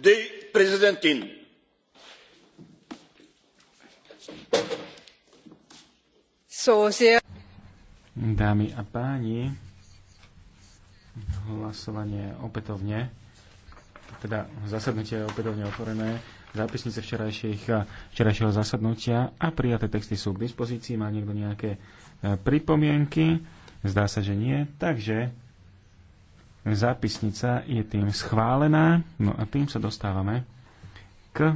de präsidentin! Dámy a páni, hlasovanie opätovne, teda zasadnutie je opätovne otvorené. Zápisnice včerajšieho zasadnutia a prijaté texty sú k dispozícii. Má niekto nejaké e, pripomienky? Zdá sa, že nie. Takže Zápisnica je tým schválená. No a tým sa dostávame k